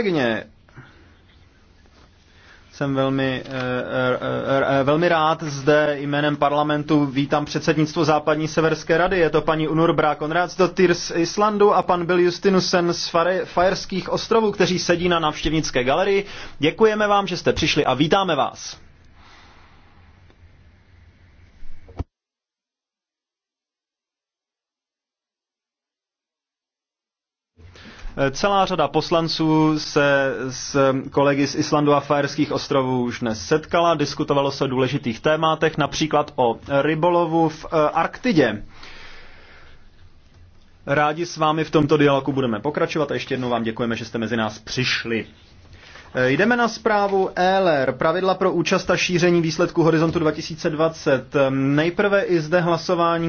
Kolegyně, jsem velmi, eh, eh, eh, velmi rád zde jménem parlamentu vítám předsednictvo Západní severské rady. Je to paní Unur Brakonrad z Tyr z Islandu a pan Bill Justinusen z Fajerských ostrovů, kteří sedí na návštěvnické galerii. Děkujeme vám, že jste přišli a vítáme vás. Eh, celá řada poslanců se s eh, kolegy z Islandu a Fajerských ostrovů už dnes setkala, diskutovalo se o důležitých tématech, například o rybolovu v eh, Arktidě. Rádi s vámi v tomto dialogu budeme pokračovat a ještě jednou vám děkujeme, že jste mezi nás přišli. Jdeme na zprávu ELR, pravidla pro účast a šíření výsledku Horizontu 2020. Ehm, nejprve i zde hlasování